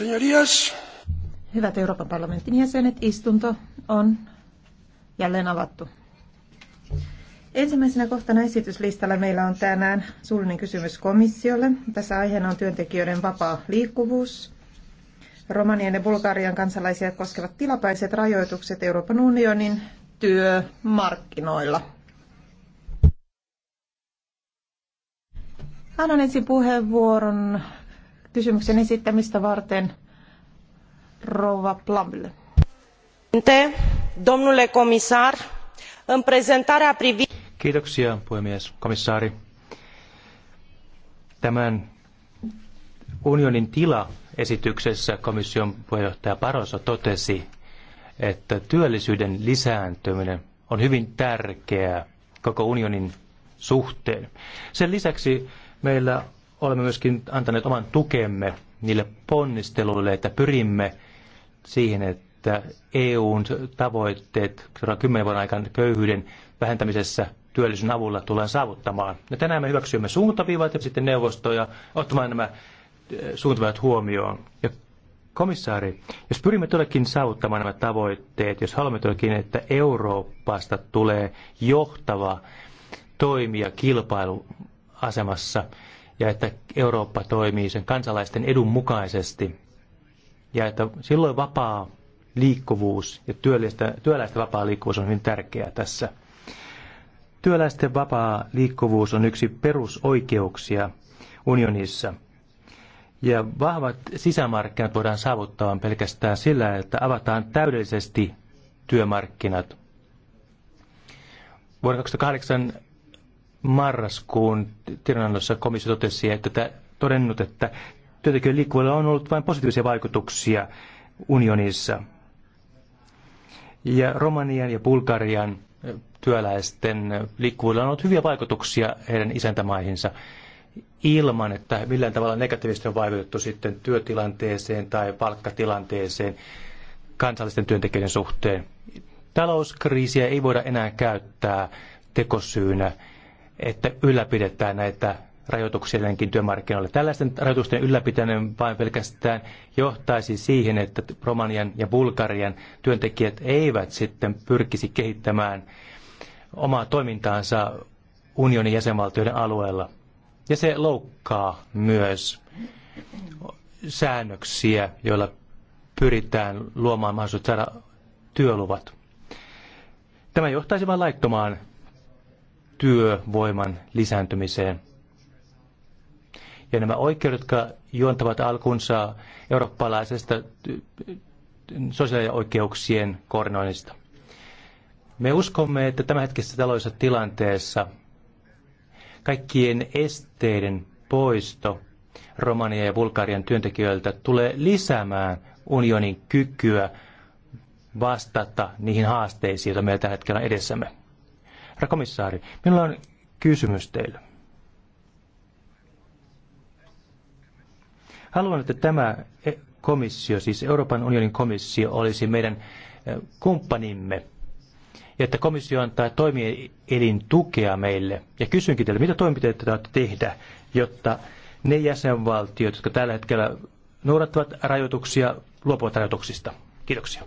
Señorías. Hyvät Euroopan parlamentin jäsenet, istunto on jälleen avattu. Ensimmäisenä kohtana esityslistalla meillä on tänään suullinen kysymys komissiolle. Tässä aiheena on työntekijöiden vapaa liikkuvuus. Romanian ja Bulgarian kansalaisia koskevat tilapäiset rajoitukset Euroopan unionin työmarkkinoilla. Annan ensin puheenvuoron kysymyksen esittämistä varten rouva Plumble. Domnule komisar, în prezentarea privind... Kiitoksia, puhemies, komissaari. Tämän unionin tila esityksessä komission puheenjohtaja Barroso totesi, että työllisyyden lisääntyminen on hyvin tärkeää koko unionin suhteen. Sen lisäksi meillä olemme myöskin antaneet oman tukemme niille ponnisteluille, että pyrimme siihen, että EUn tavoitteet seuraavan kymmenen vuoden aikana köyhyyden vähentämisessä työllisyyden avulla tullaan saavuttamaan. Ja tänään me hyväksymme suuntaviivat ja sitten neuvostoja ottamaan nämä eh, suuntaviivat huomioon. Ja komissaari, jos pyrimme todellakin saavuttamaan nämä tavoitteet, jos haluamme todellakin, että Euroopasta tulee johtava toimija kilpailuasemassa, ja että Eurooppa toimii sen kansalaisten edun mukaisesti ja että silloin vapaa liikkuvuus ja työläisten vapaa liikkuvuus on hyvin tärkeää tässä. Työläisten vapaa liikkuvuus on yksi perusoikeuksia unionissa. Ja vahvat sisämarkkinat voidaan saavuttaa pelkästään sillä, että avataan täydellisesti työmarkkinat. Vuonna 2008 marraskuun tiedonannossa komissio totesi, että tämä, todennut, että työntekijöiden liikkuvuudella on ollut vain positiivisia vaikutuksia unionissa. Ja Romanian ja Bulgarian työläisten liikkuvuudella on ollut hyviä vaikutuksia heidän isäntämaihinsa ilman, että millään tavalla negatiivisesti on vaikutettu sitten työtilanteeseen tai palkkatilanteeseen kansallisten työntekijöiden suhteen. Talouskriisiä ei voida enää käyttää tekosyynä että ylläpidetään näitä rajoituksia työmarkkinoille. Tällaisten rajoitusten ylläpitäminen vain pelkästään johtaisi siihen, että Romanian ja Bulgarian työntekijät eivät sitten pyrkisi kehittämään omaa toimintaansa unionin jäsenvaltioiden alueella. Ja se loukkaa myös säännöksiä, joilla pyritään luomaan mahdollisuudet saada työluvat. Tämä johtaisi vain laittomaan työvoiman lisääntymiseen. Ja nämä oikeudet, jotka juontavat alkunsa eurooppalaisesta sosiaalioikeuksien koordinoinnista. Me uskomme, että hetkessä taloudellisessa tilanteessa kaikkien esteiden poisto Romania ja Bulgarian työntekijöiltä tulee lisäämään unionin kykyä vastata niihin haasteisiin, joita meillä tällä hetkellä on edessämme. Herra komissaari, minulla on kysymys teille. Haluan, että tämä e- komissio, siis Euroopan unionin komissio, olisi meidän e, kumppanimme, ja että komissio antaa toimielin tukea meille. Ja kysynkin teille, mitä toimenpiteitä te olette tehdä, jotta ne jäsenvaltiot, jotka tällä hetkellä noudattavat rajoituksia, luopuvat rajoituksista. Kiitoksia.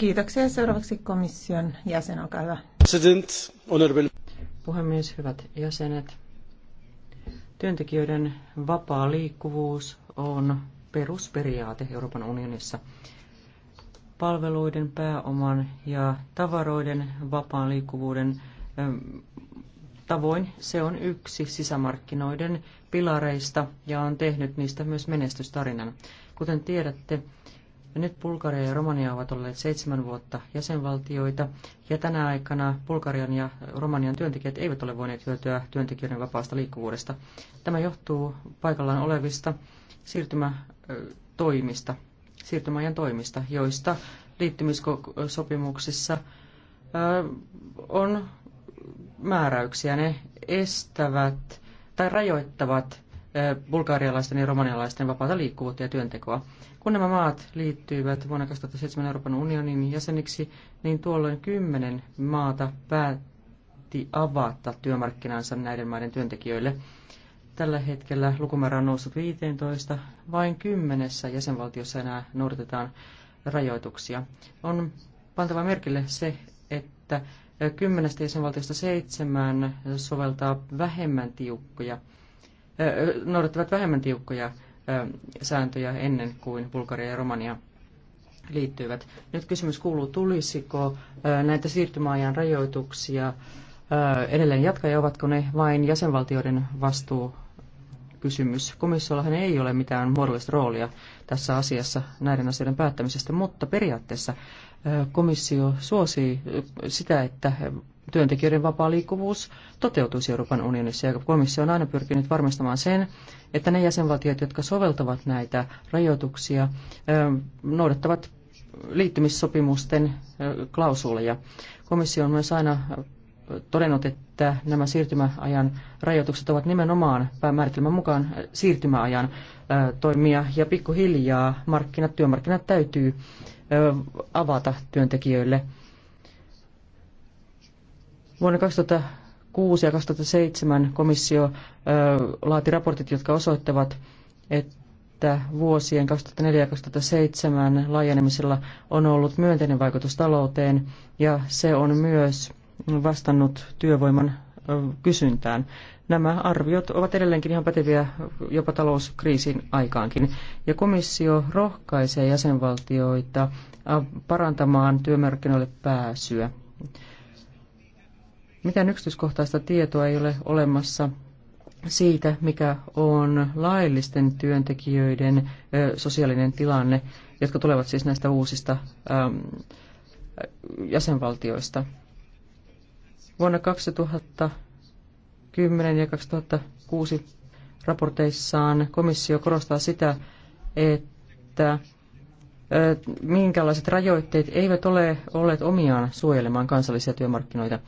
Kiitoksia. Seuraavaksi komission jäsen, olkaa hyvä. President, honorable. Puhemies, hyvät jäsenet. Työntekijöiden vapaa liikkuvuus on perusperiaate Euroopan unionissa. Palveluiden, pääoman ja tavaroiden vapaan liikkuvuuden ähm, tavoin se on yksi sisämarkkinoiden pilareista ja on tehnyt niistä myös menestystarinan. Kuten tiedätte, nyt Bulgaria ja Romania ovat olleet seitsemän vuotta jäsenvaltioita, ja tänä aikana Bulgarian ja Romanian työntekijät eivät ole voineet hyötyä työntekijöiden vapaasta liikkuvuudesta. Tämä johtuu paikallaan olevista siirtymätoimista, siirtymäajan toimista, joista liittymissopimuksissa on määräyksiä. Ne estävät tai rajoittavat Eh, bulgarialaisten ja romanialaisten vapaata liikkuvuutta ja työntekoa. Kun nämä maat liittyivät vuonna 2007 Euroopan unionin jäseniksi, niin tuolloin kymmenen maata päätti avata työmarkkinansa näiden maiden työntekijöille. Tällä hetkellä lukumäärä on noussut 15, vain kymmenessä jäsenvaltiossa enää noudatetaan rajoituksia. On pantava merkille se, että kymmenestä jäsenvaltiosta seitsemään soveltaa vähemmän tiukkoja noudattavat vähemmän tiukkoja sääntöjä ennen kuin Bulgaria ja Romania liittyivät. Nyt kysymys kuuluu, tulisiko näitä siirtymäajan rajoituksia edelleen jatkaa ja ovatko ne vain jäsenvaltioiden vastuu kysymys. Komissiollahan ei ole mitään muodollista roolia tässä asiassa näiden asioiden päättämisestä, mutta periaatteessa komissio suosii sitä, että työntekijöiden vapaa liikkuvuus toteutuisi Euroopan unionissa. Ja komissio on aina pyrkinyt varmistamaan sen, että ne jäsenvaltiot, jotka soveltavat näitä rajoituksia, noudattavat liittymissopimusten klausuleja. Komissio on myös aina todennut, että nämä siirtymäajan rajoitukset ovat nimenomaan päämääritelmän mukaan siirtymäajan toimia ja pikkuhiljaa markkinat, työmarkkinat täytyy avata työntekijöille – Vuonna 2006 ja 2007 komissio laati raportit, jotka osoittavat, että vuosien 2004 ja 2007 laajenemisella on ollut myönteinen vaikutus talouteen ja se on myös vastannut työvoiman kysyntään. Nämä arviot ovat edelleenkin ihan päteviä jopa talouskriisin aikaankin. Ja komissio rohkaisee jäsenvaltioita parantamaan työmarkkinoille pääsyä. Mitään yksityiskohtaista tietoa ei ole olemassa siitä, mikä on laillisten työntekijöiden sosiaalinen tilanne, jotka tulevat siis näistä uusista jäsenvaltioista. Vuonna 2010 ja 2006 raporteissaan komissio korostaa sitä, että minkälaiset rajoitteet eivät ole olleet omiaan suojelemaan kansallisia työmarkkinoita.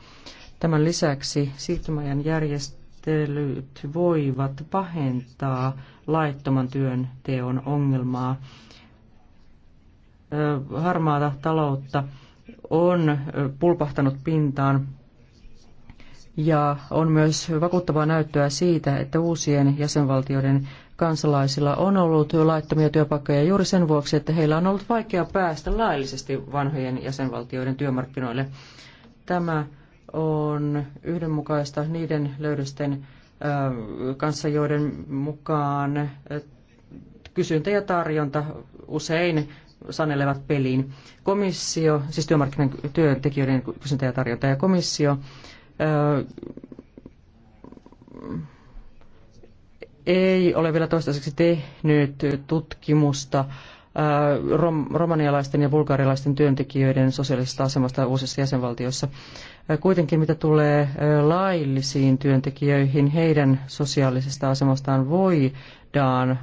Tämän lisäksi siirtymäajan järjestelyt voivat pahentaa laittoman työn teon ongelmaa. Harmaata taloutta on pulpahtanut pintaan ja on myös vakuuttavaa näyttöä siitä, että uusien jäsenvaltioiden kansalaisilla on ollut laittomia työpaikkoja juuri sen vuoksi, että heillä on ollut vaikea päästä laillisesti vanhojen jäsenvaltioiden työmarkkinoille. Tämä on yhdenmukaista niiden löydösten kanssa, joiden mukaan kysyntä ja tarjonta usein sanelevat peliin. Komissio, siis työntekijöiden kysyntä ja tarjonta ja komissio ei ole vielä toistaiseksi tehnyt tutkimusta rom, romanialaisten ja bulgarialaisten työntekijöiden sosiaalisesta asemasta uusissa jäsenvaltioissa. Kuitenkin mitä tulee laillisiin työntekijöihin, heidän sosiaalisesta asemastaan voidaan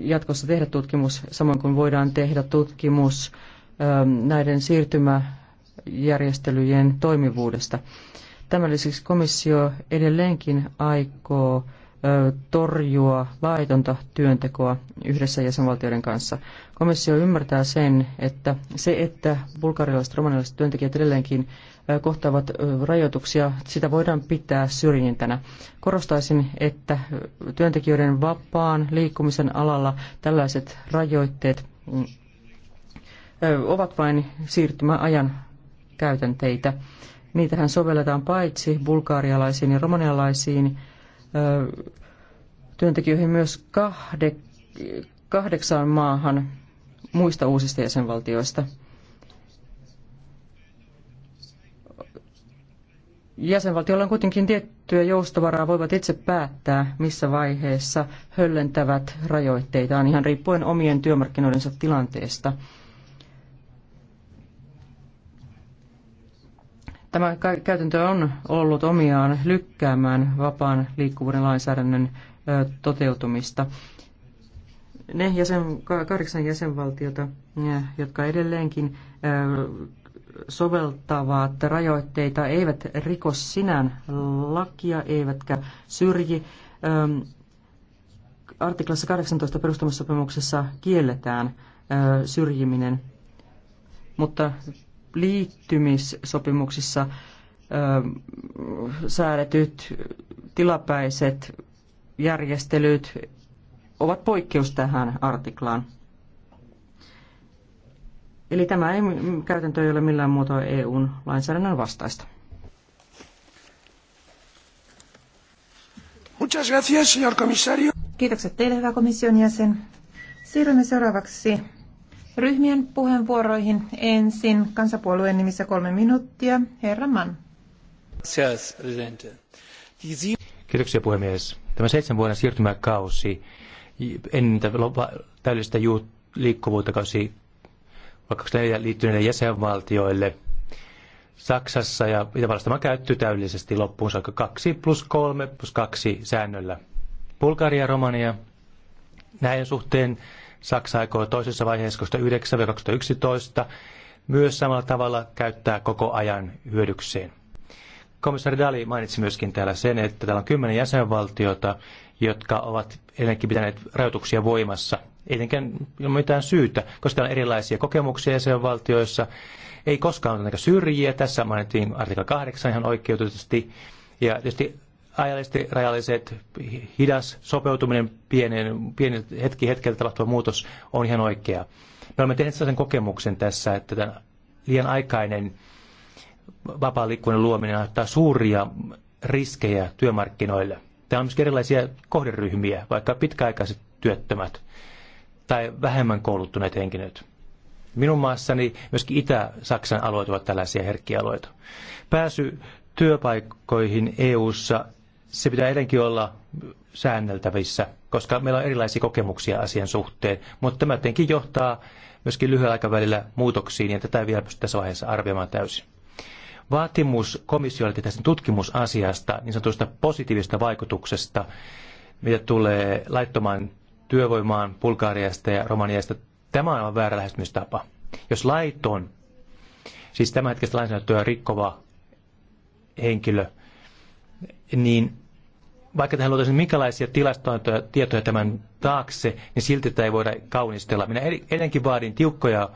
jatkossa tehdä tutkimus, samoin kuin voidaan tehdä tutkimus näiden siirtymäjärjestelyjen toimivuudesta. Tämän lisäksi komissio edelleenkin aikoo torjua laitonta työntekoa yhdessä jäsenvaltioiden kanssa. Komissio ymmärtää sen, että se, että bulgarialaiset ja romanialaiset työntekijät edelleenkin kohtaavat rajoituksia, sitä voidaan pitää syrjintänä. Korostaisin, että työntekijöiden vapaan liikkumisen alalla tällaiset rajoitteet mm, ovat vain siirtymäajan käytänteitä. Niitähän sovelletaan paitsi bulgarialaisiin, ja romanialaisiin työntekijöihin myös kahde, kahdeksaan maahan muista uusista jäsenvaltioista. Jäsenvaltioilla on kuitenkin tiettyä joustovaraa, voivat itse päättää, missä vaiheessa höllentävät rajoitteitaan ihan riippuen omien työmarkkinoidensa tilanteesta. Tämä käytäntö on ollut omiaan lykkäämään vapaan liikkuvuuden lainsäädännön toteutumista. Ne jäsen, kahdeksan jäsenvaltiota, jotka edelleenkin soveltavat rajoitteita, eivät riko sinän lakia, eivätkä syrji. Artiklassa 18 perustamissopimuksessa kielletään syrjiminen, mutta liittymissopimuksissa säädetyt tilapäiset järjestelyt ovat poikkeus tähän artiklaan. Eli tämä ei, käytäntö ei ole millään muotoa EUn lainsäädännön vastaista. Muchas gracias, señor Kiitokset teille, hyvä komission jäsen. Siirrymme seuraavaksi ryhmien puheenvuoroihin. Ensin kansapuolueen nimissä kolme minuuttia. Herra Mann. Kiitoksia puhemies. Tämä seitsemän vuoden siirtymäkausi ennen täydellistä liikkuvuutta kausi vaikka liittyneille jäsenvaltioille – Saksassa ja Itävallassa tämä käytty täydellisesti loppuun saakka 2 plus 3 plus 2 säännöllä. Bulgaria ja Romania näiden suhteen Saksa aikoo toisessa vaiheessa 2009-2011 myös samalla tavalla käyttää koko ajan hyödykseen. Komissaari Dali mainitsi myöskin täällä sen, että täällä on kymmenen jäsenvaltiota, jotka ovat edelleenkin pitäneet rajoituksia voimassa. Ei tietenkään ilman mitään syytä, koska täällä on erilaisia kokemuksia jäsenvaltioissa. Ei koskaan ole syrjiä. Tässä mainittiin artikla 8 ihan oikeutetusti. Ja tietysti ajallisesti rajalliset, hidas sopeutuminen pienen, pieni hetki hetkellä tapahtuva muutos on ihan oikea. Me olemme tehneet sellaisen kokemuksen tässä, että tämän liian aikainen vapaa liikkuminen luominen aiheuttaa suuria riskejä työmarkkinoille. Tämä on myös erilaisia kohderyhmiä, vaikka pitkäaikaiset työttömät tai vähemmän kouluttuneet henkilöt. Minun maassani myöskin Itä-Saksan alueet ovat tällaisia herkkiä alueita. Pääsy työpaikkoihin EU:ssa se pitää edelleenkin olla säänneltävissä, koska meillä on erilaisia kokemuksia asian suhteen. Mutta tämä tietenkin johtaa myöskin lyhyellä aikavälillä muutoksiin, ja tätä ei vielä pysty tässä vaiheessa arvioimaan täysin. Vaatimus komissiolle tästä tutkimusasiasta, niin sanotusta positiivista vaikutuksesta, mitä tulee laittomaan työvoimaan Bulgariasta ja Romaniasta, tämä on väärä lähestymistapa. Jos laiton, siis hetkestä lainsäädäntöä rikkova henkilö niin vaikka tähän luotaisiin minkälaisia tilastointoja, tietoja tämän taakse, niin silti tätä ei voida kaunistella. Minä edelleenkin vaadin tiukkoja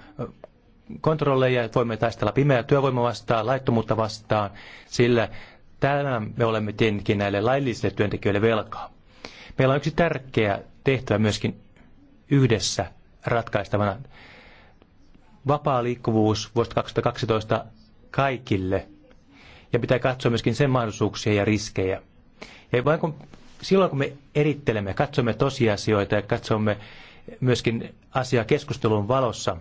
kontrolleja, että voimme taistella pimeää työvoimaa vastaan, laittomuutta vastaan, sillä täällä me olemme tietenkin näille laillisille työntekijöille velkaa. Meillä on yksi tärkeä tehtävä myöskin yhdessä ratkaistavana. Vapaa liikkuvuus vuosi 2012 kaikille – ja pitää katsoa myöskin sen mahdollisuuksia ja riskejä. Ja vain kun, silloin kun me erittelemme, katsomme tosiasioita ja katsomme myöskin asiaa keskustelun valossa,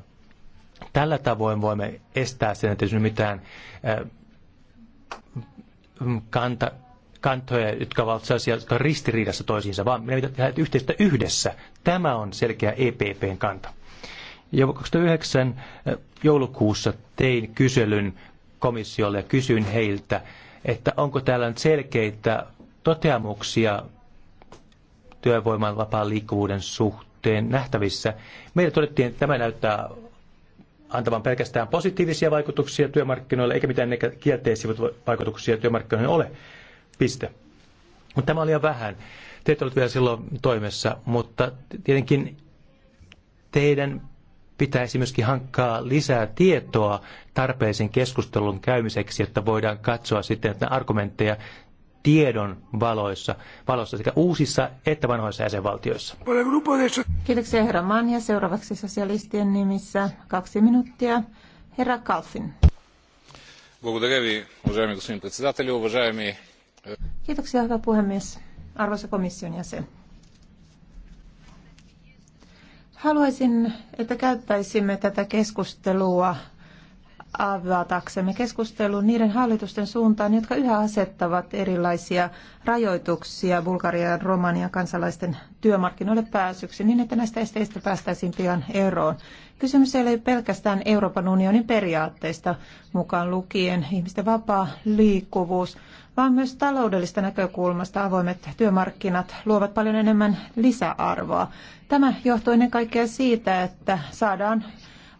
tällä tavoin voimme estää sen, että ei mitään kanta, kantoja, jotka ovat sellaisia, jotka on ristiriidassa toisiinsa, vaan meidän pitää tehdä yhteistä yhdessä. Tämä on selkeä EPPn kanta. Ja 2009 joulukuussa tein kyselyn komissiolle ja kysyin heiltä, että onko täällä nyt selkeitä toteamuksia työvoiman vapaan liikkuvuuden suhteen nähtävissä. Meille todettiin, että tämä näyttää antavan pelkästään positiivisia vaikutuksia työmarkkinoille, eikä mitään kielteisiä vaikutuksia työmarkkinoille ole. Piste. Mutta tämä oli jo vähän. Te ette ollut vielä silloin toimessa, mutta tietenkin teidän pitäisi myöskin hankkaa lisää tietoa tarpeellisen keskustelun käymiseksi, että voidaan katsoa sitten että argumentteja tiedon valoissa, valossa sekä uusissa että vanhoissa jäsenvaltioissa. Kiitoksia herra Manja. Seuraavaksi sosialistien nimissä kaksi minuuttia. Herra Kalfin. Kiitoksia, hyvä puhemies. Arvoisa komission jäsen. Haluaisin, että käyttäisimme tätä keskustelua avataksemme keskustelun niiden hallitusten suuntaan, jotka yhä asettavat erilaisia rajoituksia Bulgarian ja Romanian kansalaisten työmarkkinoille pääsyksi, niin että näistä esteistä päästäisiin pian eroon. Kysymys ei ole pelkästään Euroopan unionin periaatteista, mukaan lukien ihmisten vapaa liikkuvuus, vaan myös taloudellista näkökulmasta avoimet työmarkkinat luovat paljon enemmän lisäarvoa. Tämä johtuu ennen kaikkea siitä, että saadaan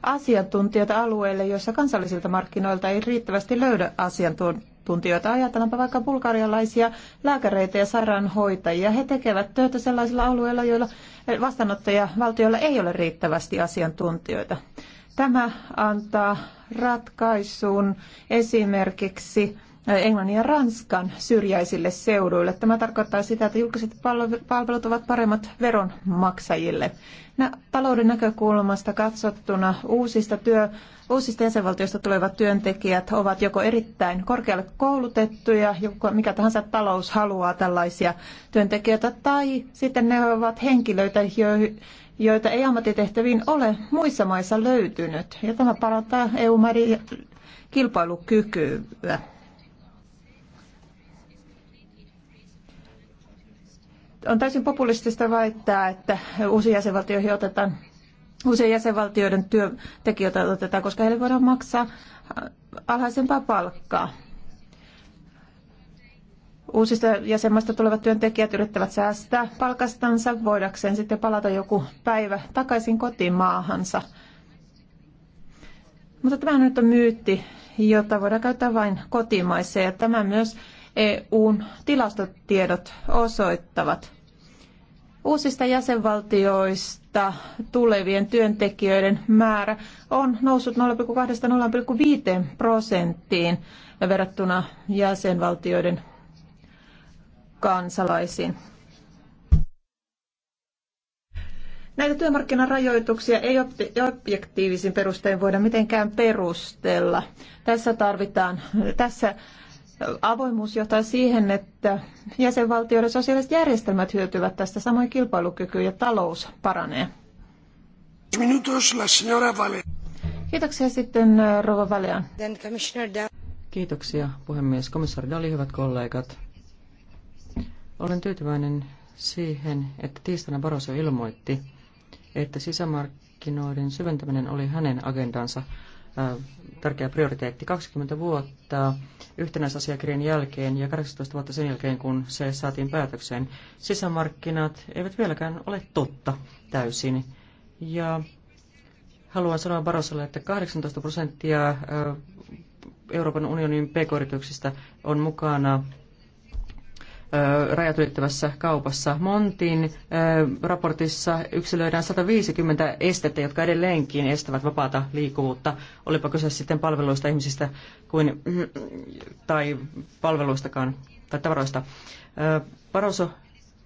asiantuntijoita alueille, joissa kansallisilta markkinoilta ei riittävästi löydä asiantuntijoita. Ajatellaanpa vaikka bulgarialaisia lääkäreitä ja sairaanhoitajia. He tekevät töitä sellaisilla alueilla, joilla vastaanottajavaltioilla ei ole riittävästi asiantuntijoita. Tämä antaa ratkaisun esimerkiksi Englannin ja Ranskan syrjäisille seuduille. Tämä tarkoittaa sitä, että julkiset palvelut ovat paremmat veronmaksajille. Talouden näkökulmasta katsottuna uusista, työ, uusista jäsenvaltioista tulevat työntekijät ovat joko erittäin korkealle koulutettuja, mikä tahansa talous haluaa tällaisia työntekijöitä, tai sitten ne ovat henkilöitä, joita ei ammattitehtäviin ole muissa maissa löytynyt. Ja tämä parantaa EU-maiden kilpailukykyä. on täysin populistista väittää, että uusiin jäsenvaltioihin otetaan usein jäsenvaltioiden työntekijöitä otetaan, koska heille voidaan maksaa alhaisempaa palkkaa. Uusista jäsenmaista tulevat työntekijät yrittävät säästää palkastansa voidakseen sitten palata joku päivä takaisin kotimaahansa. Mutta tämä nyt on myytti, jota voidaan käyttää vain kotimaiseen ja tämä myös EUn tilastotiedot osoittavat. Uusista jäsenvaltioista tulevien työntekijöiden määrä on noussut 0,2-0,5 prosenttiin verrattuna jäsenvaltioiden kansalaisiin. Näitä työmarkkinarajoituksia ei objektiivisin perustein voida mitenkään perustella. Tässä tarvitaan, tässä Avoimuus johtaa siihen, että jäsenvaltioiden sosiaaliset järjestelmät hyötyvät tästä, samoin kilpailukyky ja talous paranee. Minutos, la signora Vale. Kiitoksia sitten Rova Valean. Kiitoksia puhemies. Komissaari Dali, hyvät kollegat. Olen tyytyväinen siihen, että tiistaina Barroso ilmoitti, että sisämarkkinoiden syventäminen oli hänen agendansa tärkeä prioriteetti. 20 vuotta yhtenäisasiakirjan jälkeen ja 18 vuotta sen jälkeen, kun se saatiin päätökseen, sisämarkkinat eivät vieläkään ole totta täysin. Ja haluan sanoa Barosalle, että 18 prosenttia Euroopan unionin pk-yrityksistä on mukana rajat ylittävässä kaupassa. Montin raportissa yksilöidään 150 estettä, jotka edelleenkin estävät vapaata liikkuvuutta. Olipa kyse sitten palveluista ihmisistä kuin, tai palveluistakaan tai tavaroista. Barroso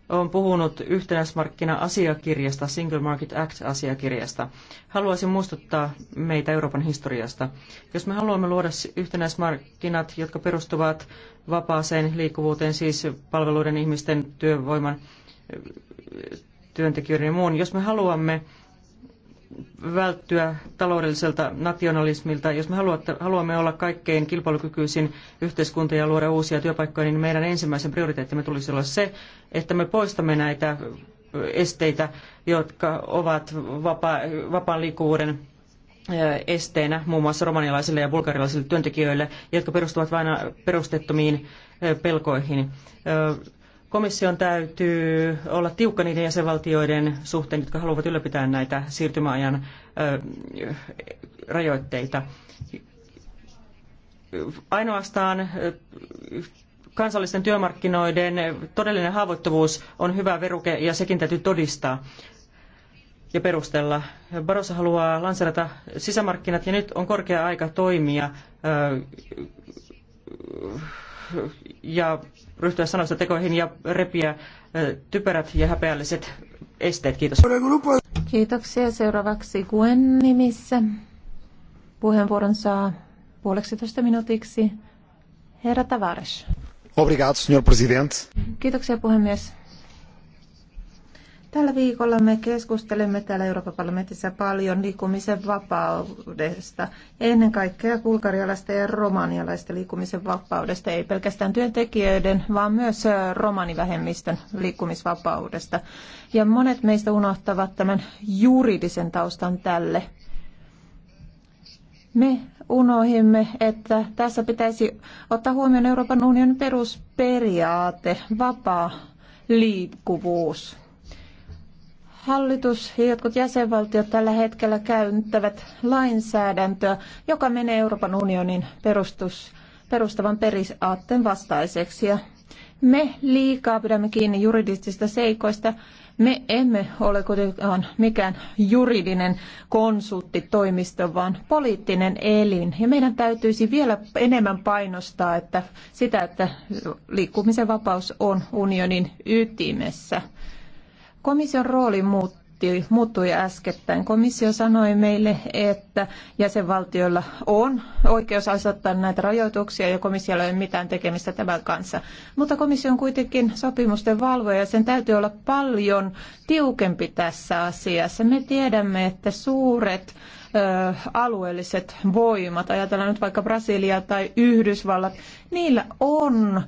on puhunut yhtenäismarkkina-asiakirjasta, Single Market Act-asiakirjasta. Haluaisin muistuttaa meitä Euroopan historiasta. Jos me haluamme luoda yhtenäismarkkinat, jotka perustuvat vapaaseen liikkuvuuteen, siis palveluiden, ihmisten, työvoiman, työntekijöiden ja muun, jos me haluamme välttyä taloudelliselta nationalismilta. Jos me haluamme olla kaikkein kilpailukykyisin yhteiskunta ja luoda uusia työpaikkoja, niin meidän ensimmäisen prioriteettimme tulisi olla se, että me poistamme näitä esteitä, jotka ovat vapaa, vapaan liikkuvuuden esteenä muun muassa romanialaisille ja bulgarialaisille työntekijöille, jotka perustuvat vain perustettomiin pelkoihin. Komission täytyy olla tiukka niiden jäsenvaltioiden suhteen, jotka haluavat ylläpitää näitä siirtymäajan rajoitteita. Ainoastaan kansallisten työmarkkinoiden todellinen haavoittuvuus on hyvä veruke ja sekin täytyy todistaa ja perustella. Barossa haluaa lanserata sisämarkkinat ja nyt on korkea aika toimia ja ryhtyä sanoista tekoihin ja repiä typerät ja häpeälliset esteet. Kiitos. Kiitoksia. Seuraavaksi Gwen nimissä. Puheenvuoron saa puoleksitoista minuutiksi herra Tavares. Obrigado, senhor presidente. Kiitoksia puhemies. Tällä viikolla me keskustelemme täällä Euroopan parlamentissa paljon liikkumisen vapaudesta, ennen kaikkea bulgarialaista ja romanialaista liikkumisen vapaudesta, ei pelkästään työntekijöiden, vaan myös romanivähemmistön liikkumisvapaudesta. Ja monet meistä unohtavat tämän juridisen taustan tälle. Me unohimme, että tässä pitäisi ottaa huomioon Euroopan unionin perusperiaate, vapaa liikkuvuus Hallitus ja jotkut jäsenvaltiot tällä hetkellä käyttävät lainsäädäntöä, joka menee Euroopan unionin perustus, perustavan periaatteen vastaiseksi. Ja me liikaa pidämme kiinni juridisista seikoista. Me emme ole kuitenkaan mikään juridinen konsulttitoimisto, vaan poliittinen elin. Ja meidän täytyisi vielä enemmän painostaa että sitä, että liikkumisen vapaus on unionin ytimessä. Komission rooli muutti, muuttui äskettäin. Komissio sanoi meille, että jäsenvaltioilla on oikeus asettaa näitä rajoituksia ja komissiolla ei ole mitään tekemistä tämän kanssa. Mutta komissio on kuitenkin sopimusten valvoja ja sen täytyy olla paljon tiukempi tässä asiassa. Me tiedämme, että suuret alueelliset voimat, ajatellaan nyt vaikka Brasilia tai Yhdysvallat, niillä on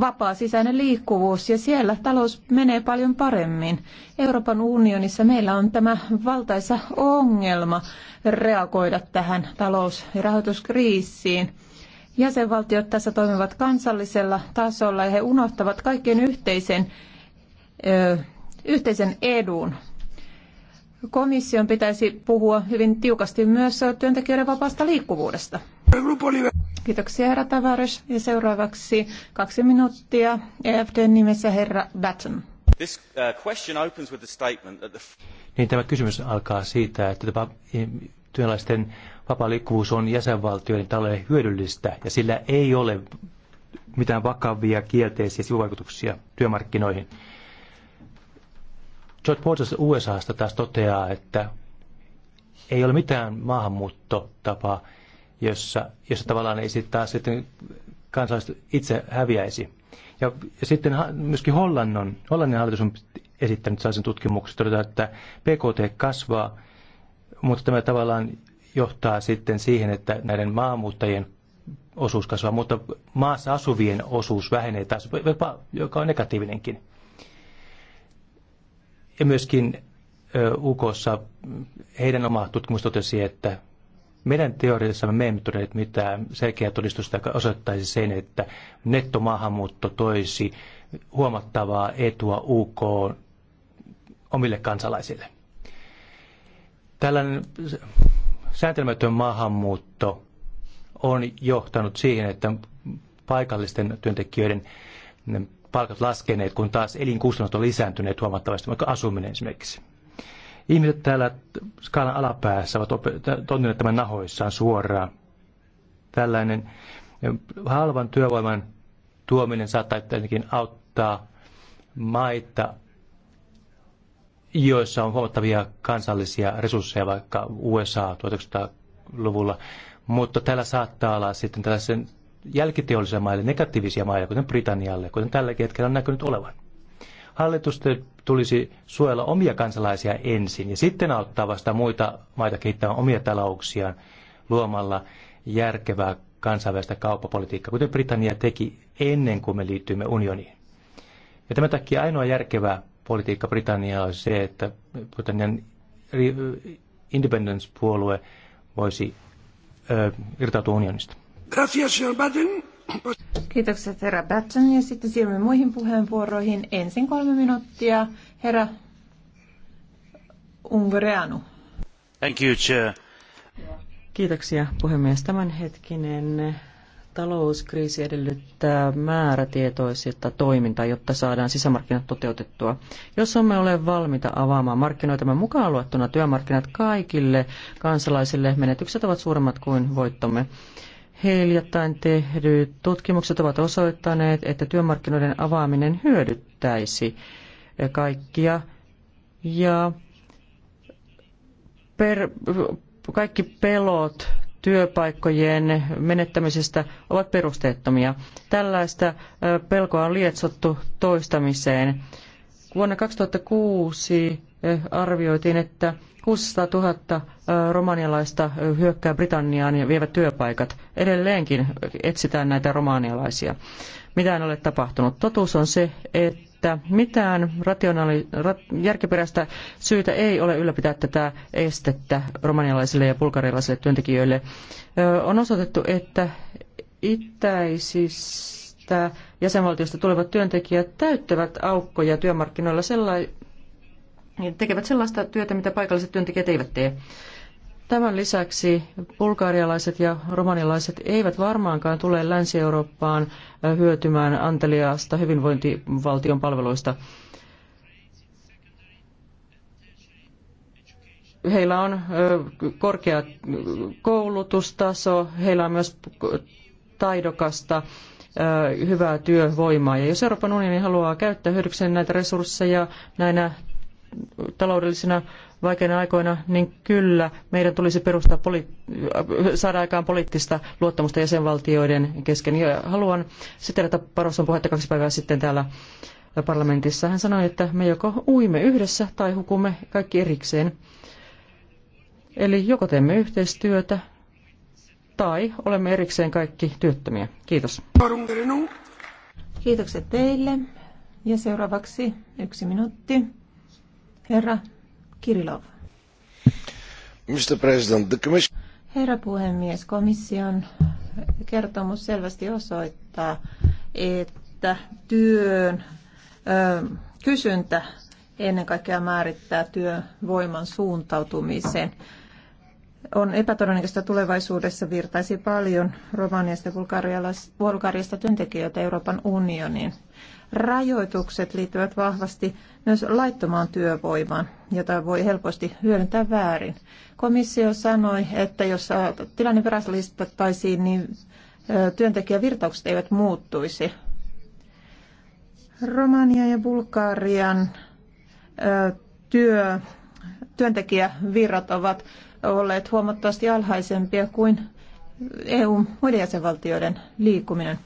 vapaa sisäinen liikkuvuus ja siellä talous menee paljon paremmin. Euroopan unionissa meillä on tämä valtaisa ongelma reagoida tähän talous- ja rahoituskriisiin. Jäsenvaltiot tässä toimivat kansallisella tasolla ja he unohtavat kaikkien yhteisen, ö, yhteisen edun komission pitäisi puhua hyvin tiukasti myös työntekijöiden vapaasta liikkuvuudesta. Kiitoksia herra Tavares. Ja seuraavaksi kaksi minuuttia EFDn nimessä herra Batten. This uh, question opens with the statement that the... Niin tämä kysymys alkaa siitä, että eh, työläisten vapaa liikkuvuus on jäsenvaltioiden talle hyödyllistä ja sillä ei ole mitään vakavia kielteisiä sivuvaikutuksia työmarkkinoihin. George Portas USAsta taas toteaa, että ei ole mitään maahanmuuttotapaa, jossa, jossa tavallaan ei sitten taas sitten kansalaiset itse häviäisi. Ja, ja sitten myöskin Hollannon, Hollannin hallitus on esittänyt sellaisen tutkimuksen, todeta, että PKT kasvaa, mutta tämä tavallaan johtaa sitten siihen, että näiden maahanmuuttajien osuus kasvaa, mutta maassa asuvien osuus vähenee taas, joka on negatiivinenkin. Ja myöskin UKssa heidän oma tutkimus totesi, että meidän teoriassa me emme todenneet mitään selkeää todistusta, joka osoittaisi sen, että nettomaahanmuutto toisi huomattavaa etua UK omille kansalaisille. Tällainen sääntelemätön maahanmuutto on johtanut siihen, että paikallisten työntekijöiden palkat laskeneet, kun taas elinkustannukset on lisääntyneet huomattavasti, vaikka asuminen esimerkiksi. Ihmiset täällä skaalan alapäässä ovat tuntuneet tämän nahoissaan suoraan. Tällainen halvan työvoiman tuominen saattaa tietenkin auttaa maita, joissa on huomattavia kansallisia resursseja, vaikka USA 1900-luvulla, mutta täällä saattaa olla sitten tällaisen jälkiteollisia maille, negatiivisia maille, kuten Britannialle, kuten tällä hetkellä on näkynyt olevan. Hallitusten tulisi suojella omia kansalaisia ensin ja sitten auttaa vasta muita maita kehittämään omia talouksiaan luomalla järkevää kansainvälistä kauppapolitiikkaa, kuten Britannia teki ennen kuin me liittyimme unioniin. Ja tämän takia ainoa järkevä politiikka Britannia on se, että Britannian Independence-puolue voisi ö, irtautua unionista. Kiitokset herra ja sitten siirrymme muihin puheenvuoroihin. Ensin kolme minuuttia. Herra ungreanu. Thank you, chair. Kiitoksia puhemies. Tämänhetkinen talouskriisi edellyttää määrätietoista toimintaa, jotta saadaan sisämarkkinat toteutettua. Jos emme ole valmiita avaamaan markkinoitamme mukaan luettuna työmarkkinat kaikille kansalaisille, menetykset ovat suuremmat kuin voittomme. Hiljattain tehdyt tutkimukset ovat osoittaneet, että työmarkkinoiden avaaminen hyödyttäisi kaikkia ja per, kaikki pelot työpaikkojen menettämisestä ovat perusteettomia. Tällaista pelkoa on lietsottu toistamiseen. Vuonna 2006 arvioitiin, että 600 000 romanialaista hyökkää Britanniaan ja vievät työpaikat. Edelleenkin etsitään näitä romanialaisia. Mitään ole tapahtunut. Totuus on se, että mitään rationaali, rat, järkiperäistä syytä ei ole ylläpitää tätä estettä romanialaisille ja bulgarialaisille työntekijöille. On osoitettu, että itäisistä jäsenvaltioista jäsenvaltiosta tulevat työntekijät täyttävät aukkoja työmarkkinoilla tekevät sellaista työtä, mitä paikalliset työntekijät eivät tee. Tämän lisäksi bulgarialaiset ja romanilaiset eivät varmaankaan tule Länsi-Eurooppaan hyötymään anteliaasta hyvinvointivaltion palveluista. Heillä on korkea koulutustaso, heillä on myös taidokasta hyvää työvoimaa. Ja jos Euroopan unioni haluaa käyttää hyödykseen näitä resursseja näinä taloudellisina vaikeina aikoina, niin kyllä meidän tulisi perustaa saada aikaan poliittista luottamusta jäsenvaltioiden kesken. Ja haluan siterata Paroson puhetta kaksi päivää sitten täällä parlamentissa. Hän sanoi, että me joko uimme yhdessä tai hukumme kaikki erikseen. Eli joko teemme yhteistyötä tai olemme erikseen kaikki työttömiä. Kiitos. Kiitokset teille. Ja seuraavaksi yksi minuutti. Herra Kirilov. Herra puhemies, komission kertomus selvästi osoittaa, että työn ö, kysyntä ennen kaikkea määrittää työvoiman suuntautumisen. On epätodennäköistä tulevaisuudessa virtaisi paljon romaniasta ja bulgariasta työntekijöitä Euroopan unioniin rajoitukset liittyvät vahvasti myös laittomaan työvoimaan, jota voi helposti hyödyntää väärin. Komissio sanoi, että jos tilanne virallistettaisiin, niin työntekijävirtaukset eivät muuttuisi. Romania ja Bulgarian työ, työntekijävirrat ovat olleet huomattavasti alhaisempia kuin EU muiden jäsenvaltioiden liikkuminen.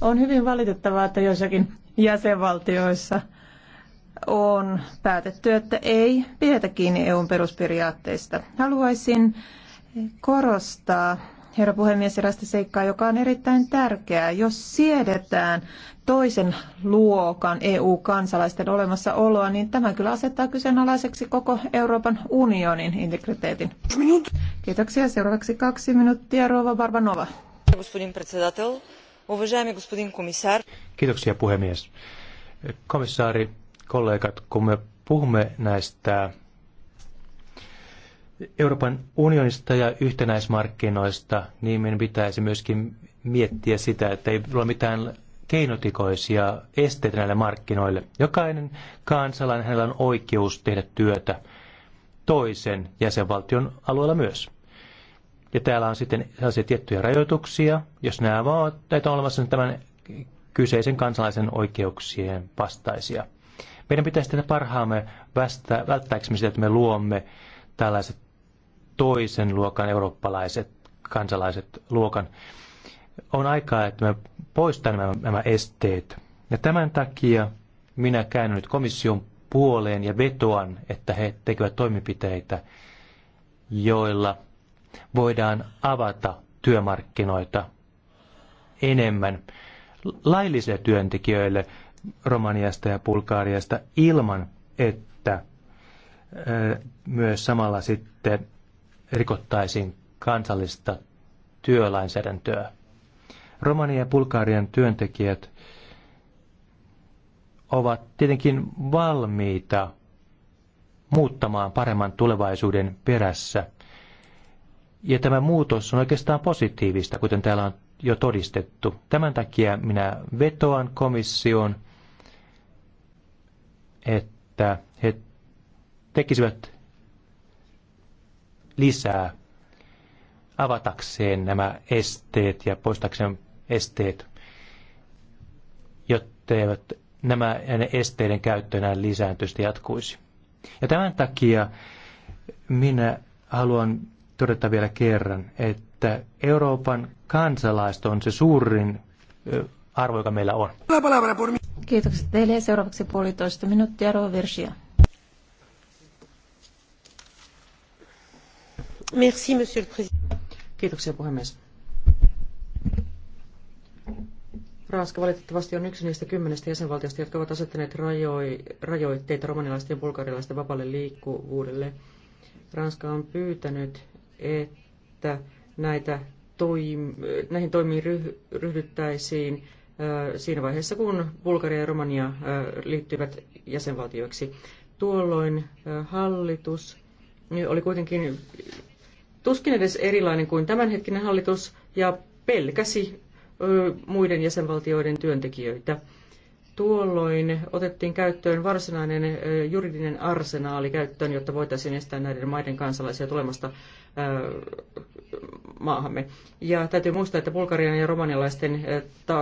On hyvin valitettavaa, että joissakin jäsenvaltioissa on päätetty, että ei pidetä kiinni EUn perusperiaatteista. Haluaisin korostaa, herra puhemies, erästä seikkaa, joka on erittäin tärkeää. Jos siedetään toisen luokan EU-kansalaisten olemassaoloa, niin tämä kyllä asettaa kyseenalaiseksi koko Euroopan unionin integriteetin. Kiitoksia. Seuraavaksi kaksi minuuttia, Rova Barbanova. Господин Уважаеми господин комисар. Kiitoksia puhemies. Komissaari, kollegat, kun me puhumme näistä Euroopan unionista ja yhtenäismarkkinoista, niin meidän pitäisi myöskin miettiä sitä, että ei ole mitään keinotikoisia esteitä näille markkinoille. Jokainen kansalainen, hänellä on oikeus tehdä työtä toisen jäsenvaltion alueella myös. Ja täällä on sitten sellaisia tiettyjä rajoituksia, jos nämä ovat näitä on olemassa niin tämän kyseisen kansalaisen oikeuksien vastaisia. Meidän pitäisi tehdä parhaamme västä, välttääksemme sitä, että me luomme tällaiset toisen luokan eurooppalaiset kansalaiset luokan. On aikaa, että me poistamme nämä, nämä esteet. Ja tämän takia minä käännyn nyt komission puoleen ja vetoan, että he tekevät toimenpiteitä, joilla voidaan avata työmarkkinoita enemmän laillisille työntekijöille Romaniasta ja Bulgaariasta ilman, että myös samalla sitten rikottaisiin kansallista työlainsäädäntöä. Romania ja Bulgarian työntekijät ovat tietenkin valmiita muuttamaan paremman tulevaisuuden perässä – ja tämä muutos on oikeastaan positiivista, kuten täällä on jo todistettu. Tämän takia minä vetoan komission, että he tekisivät lisää avatakseen nämä esteet ja poistakseen esteet, jotta eivät nämä esteiden käyttö enää lisääntyisi jatkuisi. Ja tämän takia minä haluan todeta vielä kerran, että Euroopan kansalaiset on se suurin arvo, joka meillä on. Kiitokset teille. Seuraavaksi puolitoista minuuttia Roversia. Merci, monsieur le président. Kiitoksia puhemies. Ranska valitettavasti on yksi niistä kymmenestä jäsenvaltiosta, jotka ovat asettaneet rajoitteita romanilaisten ja bulgarilaisten vapaalle liikkuvuudelle. Ranska on pyytänyt että näitä toim, näihin toimiin ryhdyttäisiin siinä vaiheessa, kun Bulgaria ja Romania liittyvät jäsenvaltioiksi. Tuolloin hallitus niin oli kuitenkin tuskin edes erilainen kuin tämänhetkinen hallitus ja pelkäsi muiden jäsenvaltioiden työntekijöitä. Tuolloin otettiin käyttöön varsinainen juridinen arsenaali käyttöön, jotta voitaisiin estää näiden maiden kansalaisia tulemasta maahamme. Ja täytyy muistaa, että bulgarian ja romanialaisten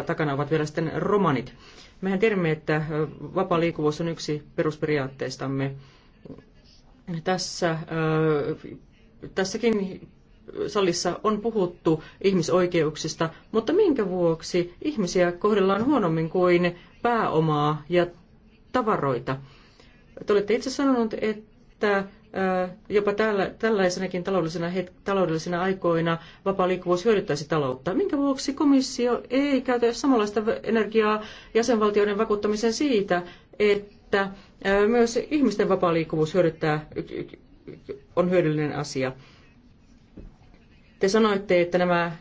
takana ovat vielä sitten romanit. Mehän tiedämme, että vapaa liikkuvuus on yksi perusperiaatteistamme. Tässä, tässäkin salissa on puhuttu ihmisoikeuksista, mutta minkä vuoksi ihmisiä kohdellaan huonommin kuin pääomaa ja tavaroita. Te olette itse sanonut, että jopa tällä, tällaisenakin taloudellisena, het, taloudellisena aikoina vapaa liikkuvuus hyödyttäisi taloutta. Minkä vuoksi komissio ei käytä samanlaista energiaa jäsenvaltioiden vakuuttamiseen siitä, että myös ihmisten vapaa liikkuvuus hyödyttää, on hyödyllinen asia? Te sanoitte, että nämä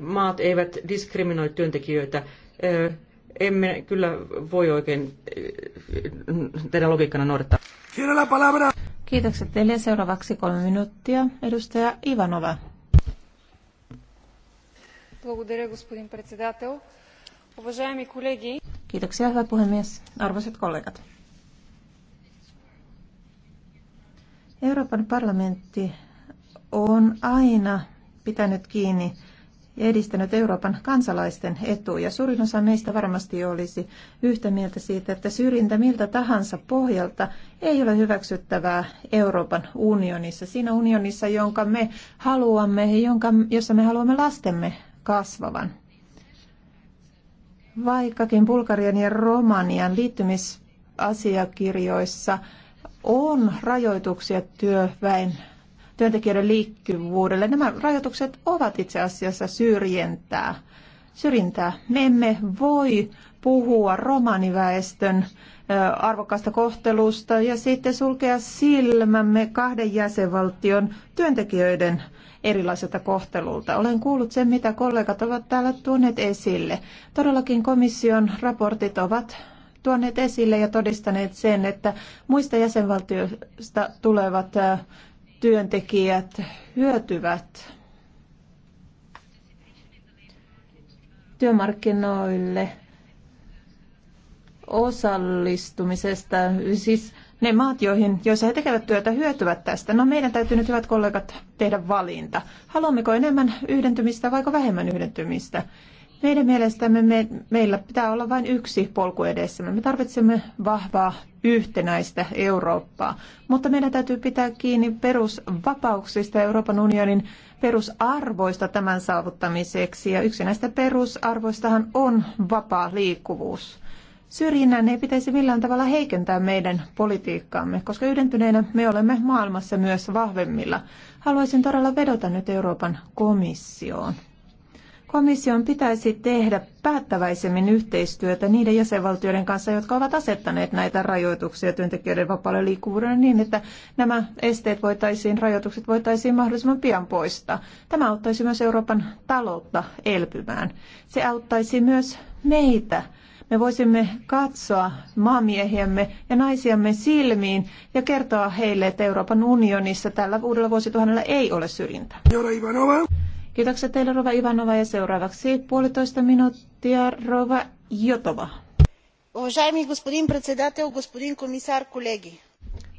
maat eivät diskriminoi työntekijöitä emme kyllä voi oikein eh, teidän logiikkana noudattaa. Kiitokset teille. Seuraavaksi kolme minuuttia. Edustaja Ivanova. Kiitoksia, hyvä puhemies. Arvoisat kollegat. Euroopan parlamentti on aina pitänyt kiinni ja edistänyt Euroopan kansalaisten etuja. Suurin osa meistä varmasti olisi yhtä mieltä siitä, että syrjintä miltä tahansa pohjalta ei ole hyväksyttävää Euroopan unionissa. Siinä unionissa, jonka me haluamme ja jossa me haluamme lastemme kasvavan. Vaikkakin Bulgarian ja Romanian liittymisasiakirjoissa on rajoituksia työväen työntekijöiden liikkuvuudelle. Nämä rajoitukset ovat itse asiassa syrjintää. syrjintää. Me emme voi puhua romaniväestön arvokasta kohtelusta ja sitten sulkea silmämme kahden jäsenvaltion työntekijöiden erilaiselta kohtelulta. Olen kuullut sen, mitä kollegat ovat täällä tuoneet esille. Todellakin komission raportit ovat tuoneet esille ja todistaneet sen, että muista jäsenvaltioista tulevat työntekijät hyötyvät työmarkkinoille osallistumisesta, siis ne maat, joihin, joissa he tekevät työtä, hyötyvät tästä. No meidän täytyy nyt, hyvät kollegat, tehdä valinta. Haluammeko enemmän yhdentymistä vai vähemmän yhdentymistä? Meidän mielestämme me, meillä pitää olla vain yksi polku edessämme. Me tarvitsemme vahvaa yhtenäistä Eurooppaa, mutta meidän täytyy pitää kiinni perusvapauksista Euroopan unionin perusarvoista tämän saavuttamiseksi. Ja yksi näistä perusarvoistahan on vapaa liikkuvuus. Syrjinnän ei pitäisi millään tavalla heikentää meidän politiikkaamme, koska yhdentyneenä me olemme maailmassa myös vahvemmilla. Haluaisin todella vedota nyt Euroopan komissioon. Komission pitäisi tehdä päättäväisemmin yhteistyötä niiden jäsenvaltioiden kanssa, jotka ovat asettaneet näitä rajoituksia työntekijöiden vapaalle liikkuvuudelle niin, että nämä esteet voitaisiin, rajoitukset voitaisiin mahdollisimman pian poistaa. Tämä auttaisi myös Euroopan taloutta elpymään. Se auttaisi myös meitä me voisimme katsoa maamiehiämme ja naisiamme silmiin ja kertoa heille, että Euroopan unionissa tällä uudella vuosituhannella ei ole syrjintää. Kiitoksia teille, Rova Ivanova, ja seuraavaksi puolitoista minuuttia, Rova Jotova. Уважаеми господин председател, господин комисар, колеги.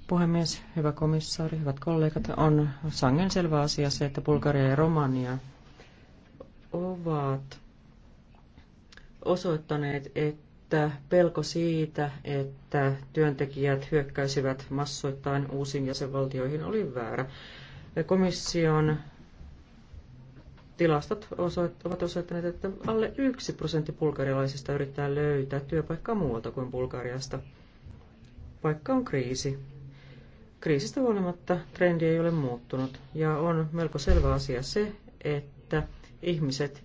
Puhemies, hyvä komissaari, hyvät kollegat, on sangen selvä asia se, että Bulgaria ja Romania ovat osoittaneet, että pelko siitä, että työntekijät hyökkäisivät massoittain uusiin jäsenvaltioihin oli väärä. Komission Tilastot ovat osoittaneet, että alle yksi prosentti bulgarialaisista yrittää löytää työpaikkaa muualta kuin Bulgariasta, Paikka on kriisi. Kriisistä huolimatta trendi ei ole muuttunut ja on melko selvä asia se, että ihmiset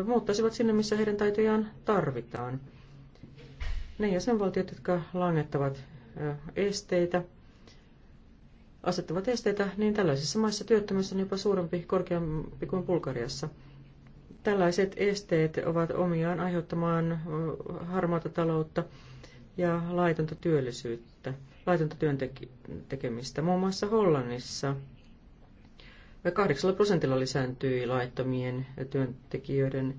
ö, muuttaisivat sinne, missä heidän taitojaan tarvitaan. Ne jäsenvaltiot, jotka langettavat esteitä, asettavat esteitä, niin tällaisissa maissa työttömyys on jopa suurempi, korkeampi kuin Bulgariassa. Tällaiset esteet ovat omiaan aiheuttamaan harmaata taloutta ja laitonta työllisyyttä, laitonta työn tekemistä. Muun muassa Hollannissa 8 prosentilla lisääntyi laittomien työntekijöiden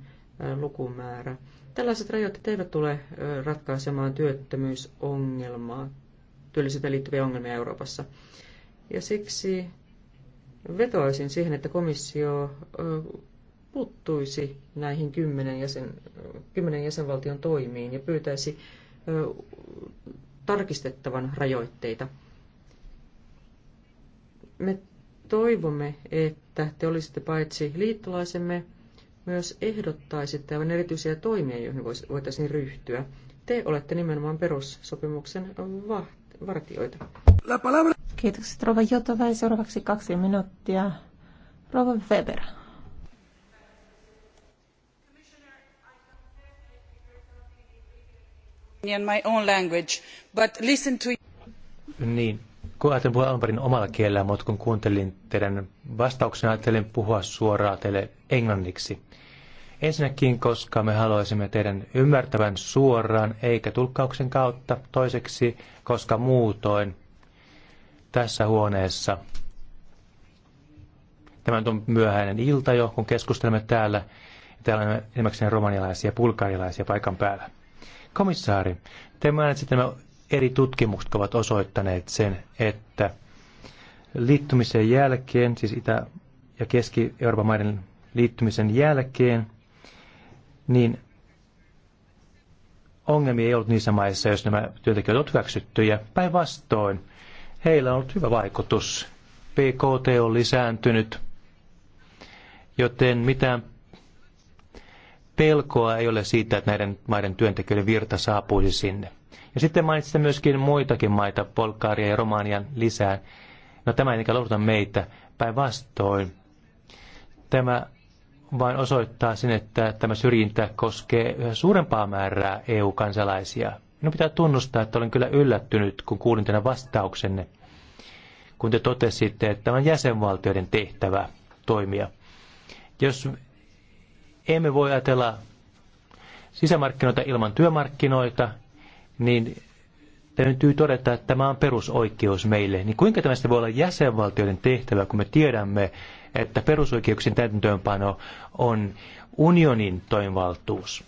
lukumäärä. Tällaiset rajoitteet eivät tule ratkaisemaan työttömyysongelmaa, työllisyyteen liittyviä ongelmia Euroopassa. Ja siksi vetoaisin siihen, että komissio puuttuisi näihin kymmenen, jäsen, kymmenen jäsenvaltion toimiin ja pyytäisi tarkistettavan rajoitteita. Me toivomme, että te olisitte paitsi liittolaisemme, myös ehdottaisitte aivan erityisiä toimia, joihin voitaisiin ryhtyä. Te olette nimenomaan perussopimuksen vartioita. La palabra. Kiitokset Rova Jotova ja seuraavaksi kaksi minuuttia Rova Weber. In my own language, but listen to... Niin, kun ajattelin puhua alunperin omalla kielellä, mutta kun kuuntelin teidän vastauksen, ajattelin puhua suoraan teille englanniksi. Ensinnäkin, koska me haluaisimme teidän ymmärtävän suoraan eikä tulkkauksen kautta. Toiseksi, koska muutoin tässä huoneessa. Tämä on myöhäinen ilta jo, kun keskustelemme täällä. Täällä on enimmäkseen romanialaisia ja bulgarialaisia paikan päällä. Komissaari, te mainitsitte nämä eri tutkimukset ovat osoittaneet sen, että liittymisen jälkeen, siis Itä- ja Keski-Euroopan maiden liittymisen jälkeen, niin ongelmia ei ollut niissä maissa, jos nämä työntekijät ovat hyväksyttyjä. päinvastoin, heillä on ollut hyvä vaikutus. PKT on lisääntynyt, joten mitään pelkoa ei ole siitä, että näiden maiden työntekijöiden virta saapuisi sinne. Ja sitten mainitsitte myöskin muitakin maita, Polkaaria ja Romanian lisää. No tämä ei niinkään lohduta meitä, päinvastoin. Tämä vain osoittaa sen, että tämä syrjintä koskee suurempaa määrää EU-kansalaisia. Minun pitää tunnustaa, että olen kyllä yllättynyt, kun kuulin tänä vastauksenne, kun te totesitte, että tämä on jäsenvaltioiden tehtävä toimia. Jos emme voi ajatella sisämarkkinoita ilman työmarkkinoita, niin täytyy todeta, että tämä on perusoikeus meille. Niin kuinka tämä voi olla jäsenvaltioiden tehtävä, kun me tiedämme, että perusoikeuksien täytäntöönpano on unionin toimivaltuus?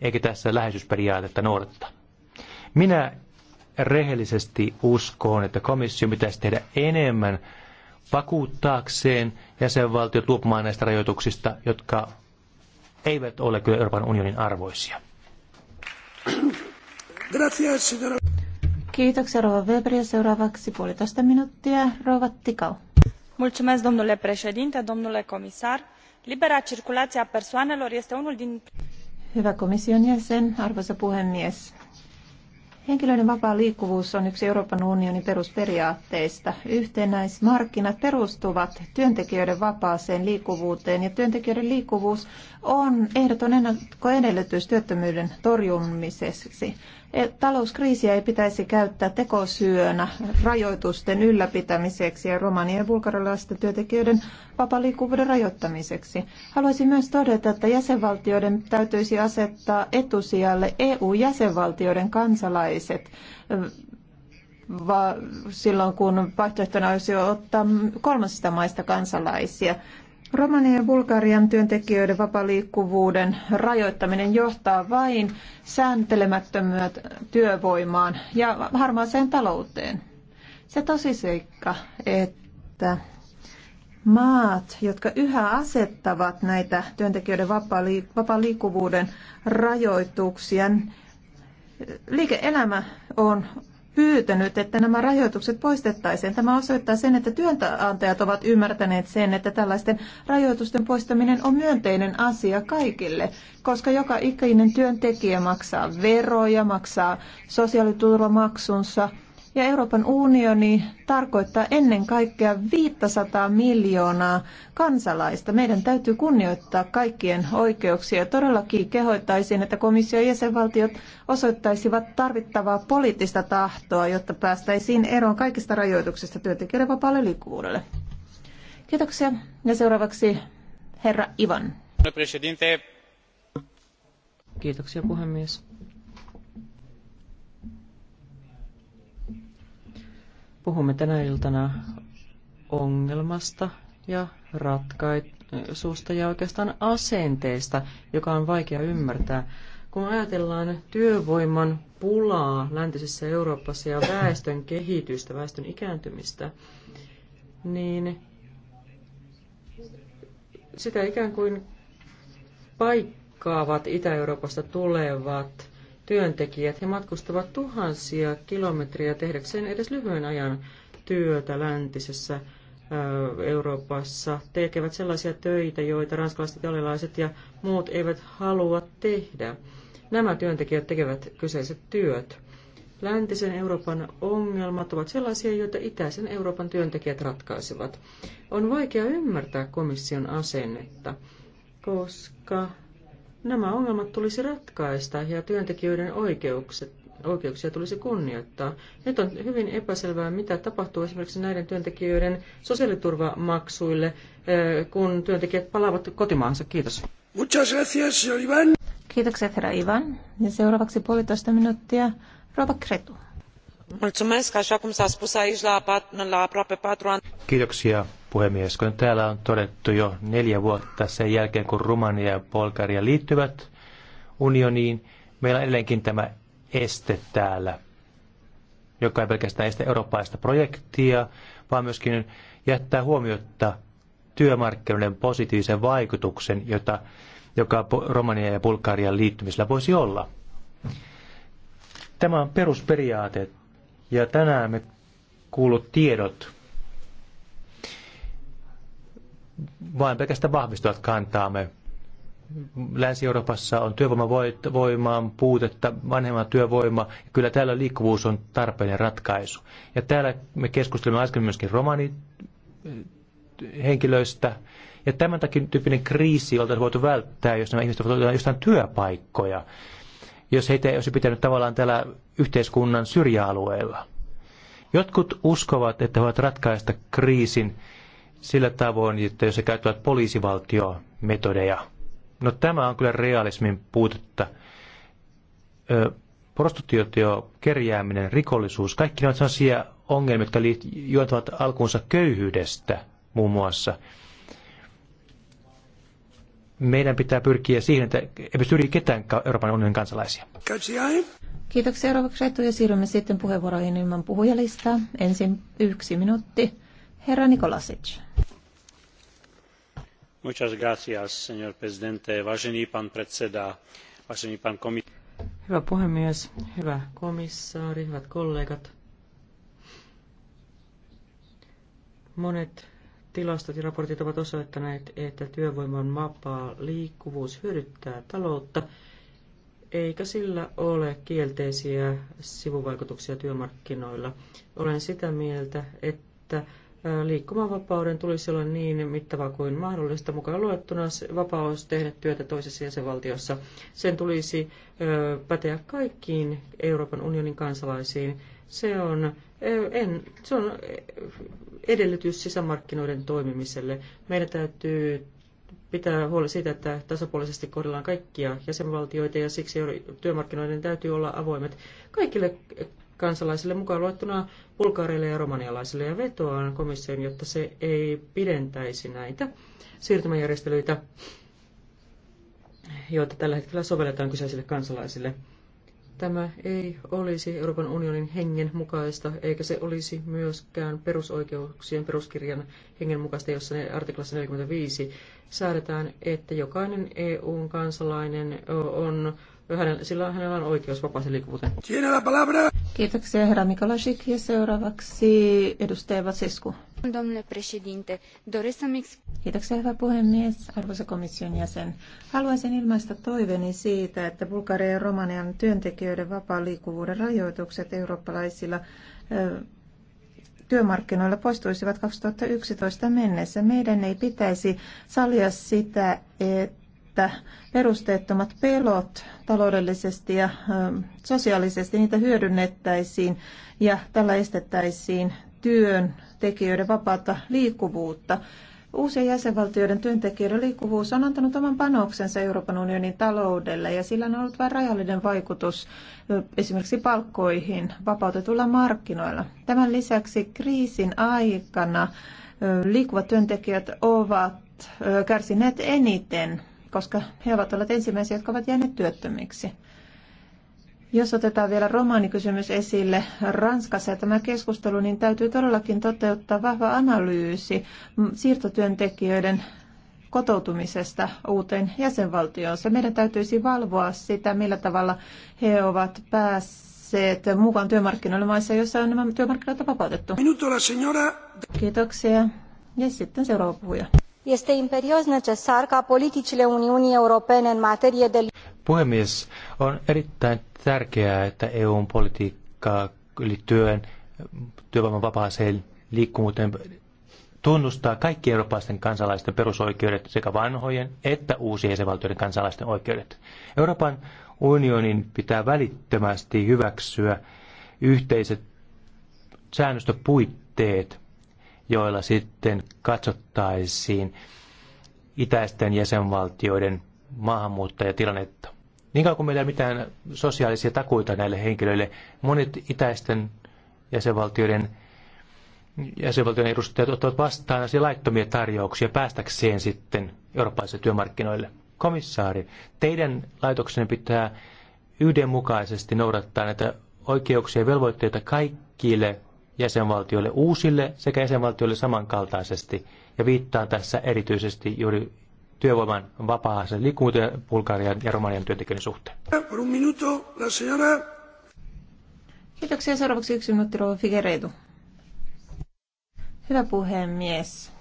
eikä tässä läheisyysperiaatetta noudateta. Minä rehellisesti uskon, että komissio pitäisi tehdä enemmän vakuuttaakseen jäsenvaltiot luopumaan näistä rajoituksista, jotka eivät ole kyllä Euroopan unionin arvoisia. Kiitoksia Rova Weber ja seuraavaksi puolitoista minuuttia Rova Tikau. Mulțumesc, domnule președinte, domnule comisar. Libera circulație a persoanelor este unul din... Hyvä komission jäsen, arvoisa puhemies. Henkilöiden vapaa liikkuvuus on yksi Euroopan unionin perusperiaatteista. Yhtenäismarkkinat perustuvat työntekijöiden vapaaseen liikkuvuuteen ja työntekijöiden liikkuvuus on ehdoton ennakkoedellytys työttömyyden torjumiseksi. Talouskriisiä ei pitäisi käyttää tekosyönä rajoitusten ylläpitämiseksi ja romanien ja bulgarilaisten työntekijöiden liikkuvuuden rajoittamiseksi. Haluaisin myös todeta, että jäsenvaltioiden täytyisi asettaa etusijalle EU-jäsenvaltioiden kansalaiset silloin, kun vaihtoehtona olisi ottaa kolmansista maista kansalaisia. Romanian ja Bulgarian työntekijöiden vapaliikkuvuuden rajoittaminen johtaa vain sääntelemättömään työvoimaan ja harmaaseen talouteen. Se tosiseikka, että maat, jotka yhä asettavat näitä työntekijöiden vapaa-liikkuvuuden rajoituksia, liike-elämä on pyytänyt, että nämä rajoitukset poistettaisiin. Tämä osoittaa sen, että työnantajat ovat ymmärtäneet sen, että tällaisten rajoitusten poistaminen on myönteinen asia kaikille, koska joka ikäinen työntekijä maksaa veroja, maksaa sosiaaliturvamaksunsa – ja Euroopan unioni tarkoittaa ennen kaikkea 500 miljoonaa kansalaista. Meidän täytyy kunnioittaa kaikkien oikeuksia. Todellakin kehoittaisin, että komissio ja jäsenvaltiot osoittaisivat tarvittavaa poliittista tahtoa, jotta päästäisiin eroon kaikista rajoituksista työntekijöiden vapaalle liikkuvuudelle. Kiitoksia. Ja seuraavaksi herra Ivan. Kiitoksia puhemies. Puhumme tänä iltana ongelmasta ja ratkaisusta ja oikeastaan asenteesta, joka on vaikea ymmärtää. Kun ajatellaan työvoiman pulaa läntisessä Euroopassa ja väestön kehitystä, väestön ikääntymistä, niin sitä ikään kuin paikkaavat Itä-Euroopasta tulevat työntekijät. He matkustavat tuhansia kilometriä tehdäkseen edes lyhyen ajan työtä läntisessä Euroopassa, tekevät sellaisia töitä, joita ranskalaiset, italialaiset ja muut eivät halua tehdä. Nämä työntekijät tekevät kyseiset työt. Läntisen Euroopan ongelmat ovat sellaisia, joita itäisen Euroopan työntekijät ratkaisevat. On vaikea ymmärtää komission asennetta, koska Nämä ongelmat tulisi ratkaista ja työntekijöiden oikeukset, oikeuksia tulisi kunnioittaa. Nyt on hyvin epäselvää, mitä tapahtuu esimerkiksi näiden työntekijöiden sosiaaliturvamaksuille, eh, kun työntekijät palaavat kotimaansa. Kiitos. Muchas gracias, Ivan. Kiitokset, herra Ivan. Ja seuraavaksi puolitoista minuuttia, Rova Kretu. Kiitoksia puhemies. Kuten täällä on todettu jo neljä vuotta sen jälkeen, kun Rumania ja Bulgaria liittyvät unioniin, meillä on edelleenkin tämä este täällä, joka ei pelkästään este eurooppalaista projektia, vaan myöskin jättää huomiota työmarkkinoiden positiivisen vaikutuksen, jota, joka Romania ja Bulgarian liittymisellä voisi olla. Tämä on perusperiaate, ja tänään me kuulut tiedot vain pelkästään vahvistuvat kantaamme. Länsi-Euroopassa on työvoimavoimaan puutetta, vanhemman työvoima, ja kyllä täällä liikkuvuus on tarpeellinen ratkaisu. Ja täällä me keskustelimme äsken myöskin romani henkilöistä, ja tämän takia tyyppinen kriisi oltaisiin voitu välttää, jos nämä ihmiset ovat jostain työpaikkoja jos heitä ei olisi pitänyt tavallaan täällä yhteiskunnan syrjäalueella. Jotkut uskovat, että voivat ratkaista kriisin sillä tavoin, että jos he käyttävät poliisivaltiometodeja. No tämä on kyllä realismin puutetta. Prostituutio, kerjääminen, rikollisuus, kaikki ne ovat sellaisia ongelmia, jotka juontavat alkuunsa köyhyydestä muun muassa meidän pitää pyrkiä siihen, että emme syrji ketään Euroopan unionin kansalaisia. Kiitoksia Rova Kretu ja siirrymme sitten puheenvuoroihin ilman puhujalistaa. Ensin yksi minuutti. Herra Nikolasic. Muchas gracias, señor presidente. Vážený pan predseda, vážený pan komis... Hyvä puhemies, hyvä komissaari, hyvät kollegat. Monet Tilastot ja raportit ovat osoittaneet, että työvoiman vapaa liikkuvuus hyödyttää taloutta, eikä sillä ole kielteisiä sivuvaikutuksia työmarkkinoilla. Olen sitä mieltä, että liikkumavapauden tulisi olla niin mittava kuin mahdollista, mukaan luettuna vapaus tehdä työtä toisessa jäsenvaltiossa. Sen tulisi päteä kaikkiin Euroopan unionin kansalaisiin. Se on, en, se on edellytys sisämarkkinoiden toimimiselle. Meidän täytyy pitää huoli siitä, että tasapuolisesti kohdellaan kaikkia jäsenvaltioita ja siksi työmarkkinoiden täytyy olla avoimet kaikille kansalaisille mukaan luettuna bulgaareille ja romanialaisille ja vetoaan komissioon, jotta se ei pidentäisi näitä siirtymäjärjestelyitä, joita tällä hetkellä sovelletaan kyseisille kansalaisille. Tämä ei olisi Euroopan unionin hengen mukaista, eikä se olisi myöskään perusoikeuksien peruskirjan hengen mukaista, jossa ne artiklassa 45 säädetään, että jokainen EUn kansalainen on hänen, silloin hänellä on oikeus vapaaseen liikkuvuuteen. Kiitoksia herra Mikolajik ja seuraavaksi edustaja Vasisku. președinte, Kiitoksia hyvä puhemies, arvoisa komission jäsen. Haluaisin ilmaista toiveni siitä, että Bulgarian ja Romanian työntekijöiden vapaan liikkuvuuden rajoitukset eurooppalaisilla työmarkkinoilla poistuisivat 2011 mennessä. Meidän ei pitäisi salia sitä, että että perusteettomat pelot taloudellisesti ja sosiaalisesti niitä hyödynnettäisiin ja tällä estettäisiin työn tekijöiden vapaata liikkuvuutta. Uusien jäsenvaltioiden työntekijöiden liikkuvuus on antanut oman panoksensa Euroopan unionin taloudelle ja sillä on ollut vain rajallinen vaikutus esimerkiksi palkkoihin vapautetulla markkinoilla. Tämän lisäksi kriisin aikana liikkuvat työntekijät ovat kärsineet eniten koska he ovat olleet ensimmäisiä, jotka ovat jääneet työttömiksi. Jos otetaan vielä romaanikysymys esille Ranskassa ja tämä keskustelu, niin täytyy todellakin toteuttaa vahva analyysi siirtotyöntekijöiden kotoutumisesta uuteen jäsenvaltioon. Se meidän täytyisi valvoa sitä, millä tavalla he ovat päässeet mukaan työmarkkinoille maissa, joissa on nämä työmarkkinoilta vapautettu. Kiitoksia. Ja sitten seuraava puhuja este imperios necesar ca politicile Uniunii Europene în materie de... Puhemies, on erittäin tärkeää, että EUn politiikkaa eli työn, työvoiman vapaaseen liikkuvuuteen tunnustaa kaikki eurooppalaisten kansalaisten perusoikeudet, sekä vanhojen että uusien jäsenvaltioiden kansalaisten oikeudet. Euroopan unionin pitää välittömästi hyväksyä yhteiset säännöstöpuitteet joilla sitten katsottaisiin itäisten jäsenvaltioiden maahanmuuttajatilannetta. Niin kauan kuin meillä ei ole mitään sosiaalisia takuita näille henkilöille, monet itäisten jäsenvaltioiden jäsenvaltioiden edustajat ottavat vastaan laittomia tarjouksia päästäkseen sitten eurooppalaisille työmarkkinoille. Komissaari, teidän laitoksenne pitää yhdenmukaisesti noudattaa näitä oikeuksia ja velvoitteita kaikille jäsenvaltioille uusille sekä jäsenvaltioille samankaltaisesti. Ja viittaan tässä erityisesti juuri työvoiman vapaaseen liikkuvuuteen Bulgarian ja Romanian työntekijöiden suhteen. Eh, Kiitoksia. Seuraavaksi yksi minuutti Figueiredo. Hyvä puhemies.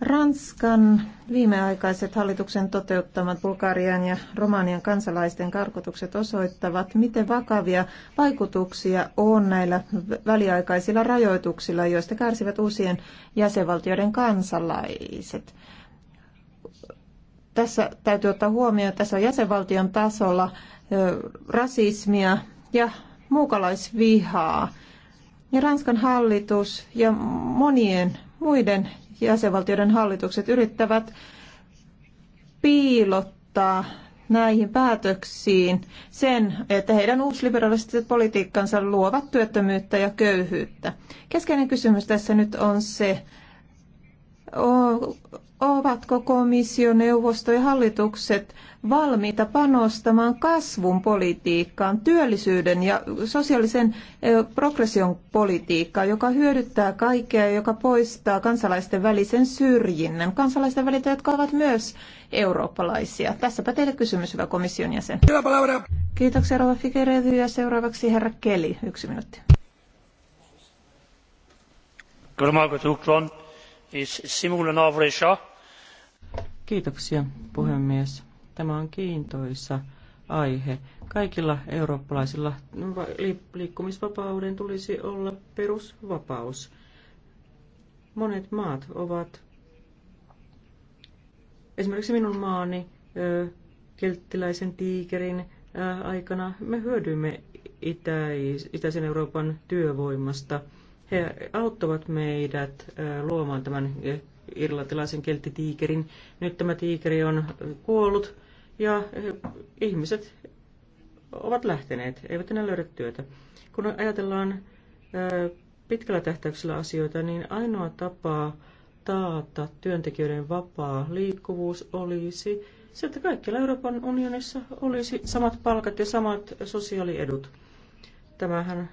Ranskan viimeaikaiset hallituksen toteuttamat Bulgarian ja Romanian kansalaisten karkotukset osoittavat, miten vakavia vaikutuksia on näillä väliaikaisilla rajoituksilla, joista kärsivät uusien jäsenvaltioiden kansalaiset. Tässä täytyy ottaa huomioon, että tässä on jäsenvaltion tasolla rasismia ja muukalaisvihaa. Ja Ranskan hallitus ja monien muiden jäsenvaltioiden hallitukset yrittävät piilottaa näihin päätöksiin sen, että heidän uusliberalistiset politiikkansa luovat työttömyyttä ja köyhyyttä. Keskeinen kysymys tässä nyt on se, Ovatko komissio, neuvosto ja hallitukset valmiita panostamaan kasvun politiikkaan, työllisyyden ja sosiaalisen progression politiikkaan, joka hyödyttää kaikkea ja joka poistaa kansalaisten välisen syrjinnän, kansalaisten väliltä, jotka ovat myös eurooppalaisia? Tässäpä teille kysymys, hyvä komission jäsen. Kiitoksia, Rova Figueredo, ja seuraavaksi herra Keli, yksi minuutti. Kyllä, Kiitoksia, puhemies. Tämä on kiintoisa aihe. Kaikilla eurooppalaisilla liikkumisvapauden tulisi olla perusvapaus. Monet maat ovat, esimerkiksi minun maani, kelttiläisen tiikerin aikana me hyödymme itäisen Euroopan työvoimasta. He auttavat meidät luomaan tämän irlantilaisen kelttitiikerin. Nyt tämä tiikeri on kuollut ja ihmiset ovat lähteneet, eivät enää löydä työtä. Kun ajatellaan pitkällä tähtäyksellä asioita, niin ainoa tapa taata työntekijöiden vapaa liikkuvuus olisi se, että kaikkialla Euroopan unionissa olisi samat palkat ja samat sosiaaliedut. Tämähän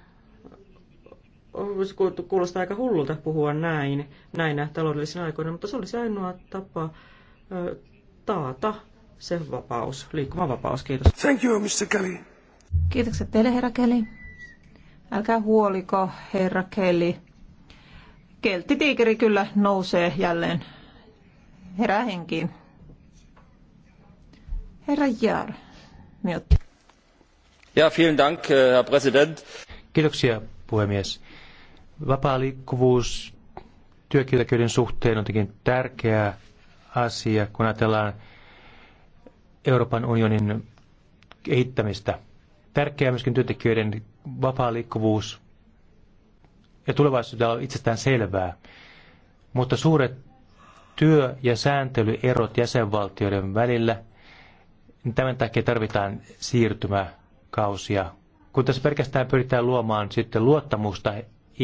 Kuulostaa aika hullulta puhua näin, näinä taloudellisina aikoina, mutta se olisi ainoa tapa taata se vapaus, vapaus Kiitos. Thank you, Mr. Kelly. Kiitokset teille, herra Kelly. Älkää huoliko, herra Kelly. Kelttitiikeri kyllä nousee jälleen. Herää henkiin. Herra Jaar, Ja, vielen Dank, äh, herr Präsident. Kiitoksia, puhemies. Vapaa liikkuvuus työkieltäkyyden suhteen on tietenkin tärkeä asia, kun ajatellaan Euroopan unionin kehittämistä. Tärkeää myöskin työntekijöiden vapaa liikkuvuus ja tulevaisuudella on itsestään selvää. Mutta suuret työ- ja sääntelyerot jäsenvaltioiden välillä, niin tämän takia tarvitaan siirtymäkausia. Kun tässä pelkästään pyritään luomaan sitten luottamusta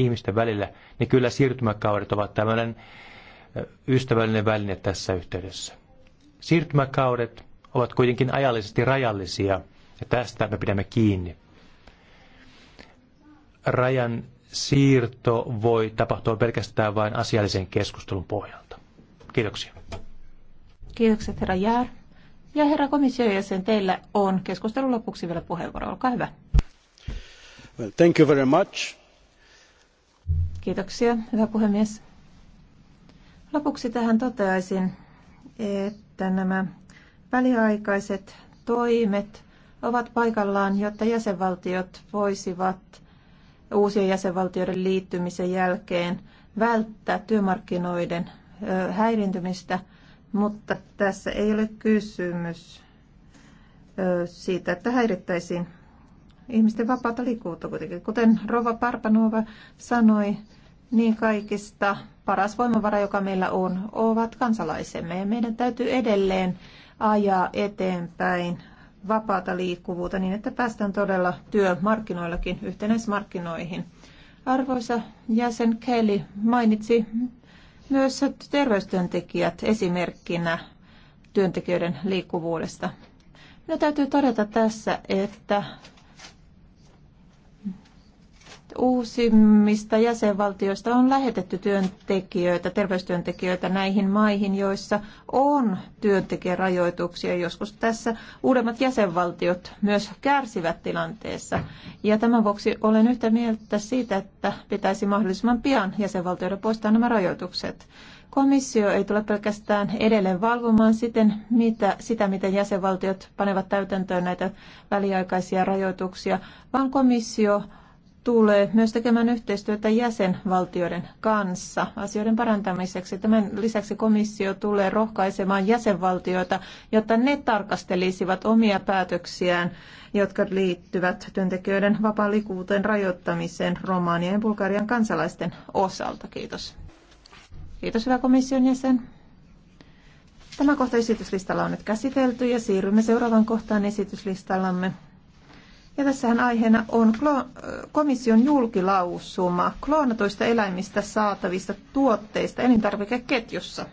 ihmisten välillä, niin kyllä siirtymäkaudet ovat tämmöinen ystävällinen väline tässä yhteydessä. Siirtymäkaudet ovat kuitenkin ajallisesti rajallisia, ja tästä me pidämme kiinni. Rajan siirto voi tapahtua pelkästään vain asiallisen keskustelun pohjalta. Kiitoksia. Kiitokset herra Jär. Ja herra komission jäsen, teillä on keskustelun lopuksi vielä puheenvuoro. Olkaa hyvä. Well, thank you very much. Kiitoksia, hyvä puhemies. Lopuksi tähän toteaisin, että nämä väliaikaiset toimet ovat paikallaan, jotta jäsenvaltiot voisivat uusien jäsenvaltioiden liittymisen jälkeen välttää työmarkkinoiden häirintymistä, mutta tässä ei ole kysymys siitä, että häirittäisiin ihmisten vapaata liikkuvuutta kuitenkin. Kuten Rova Parpanuova sanoi, niin kaikista paras voimavara, joka meillä on, ovat kansalaisemme. Ja meidän täytyy edelleen ajaa eteenpäin vapaata liikkuvuutta niin, että päästään todella työmarkkinoillakin yhtenäismarkkinoihin. Arvoisa jäsen Kelly mainitsi myös terveystyöntekijät esimerkkinä työntekijöiden liikkuvuudesta. No täytyy todeta tässä, että Uusimmista jäsenvaltioista on lähetetty työntekijöitä, terveystyöntekijöitä näihin maihin, joissa on työntekijärajoituksia. Joskus tässä uudemmat jäsenvaltiot myös kärsivät tilanteessa. Ja tämän vuoksi olen yhtä mieltä siitä, että pitäisi mahdollisimman pian jäsenvaltioiden poistaa nämä rajoitukset. Komissio ei tule pelkästään edelleen valvomaan siten, mitä, sitä, miten jäsenvaltiot panevat täytäntöön näitä väliaikaisia rajoituksia, vaan komissio tulee myös tekemään yhteistyötä jäsenvaltioiden kanssa asioiden parantamiseksi. Tämän lisäksi komissio tulee rohkaisemaan jäsenvaltioita, jotta ne tarkastelisivat omia päätöksiään, jotka liittyvät työntekijöiden vapaa-liikkuvuuteen rajoittamiseen Romanian ja Bulgarian kansalaisten osalta. Kiitos. Kiitos hyvä komission jäsen. Tämä kohta esityslistalla on nyt käsitelty ja siirrymme seuraavan kohtaan esityslistallamme. Ja tässähän aiheena on komission julkilausuma kloonatuista eläimistä saatavista tuotteista elintarvikeketjussa.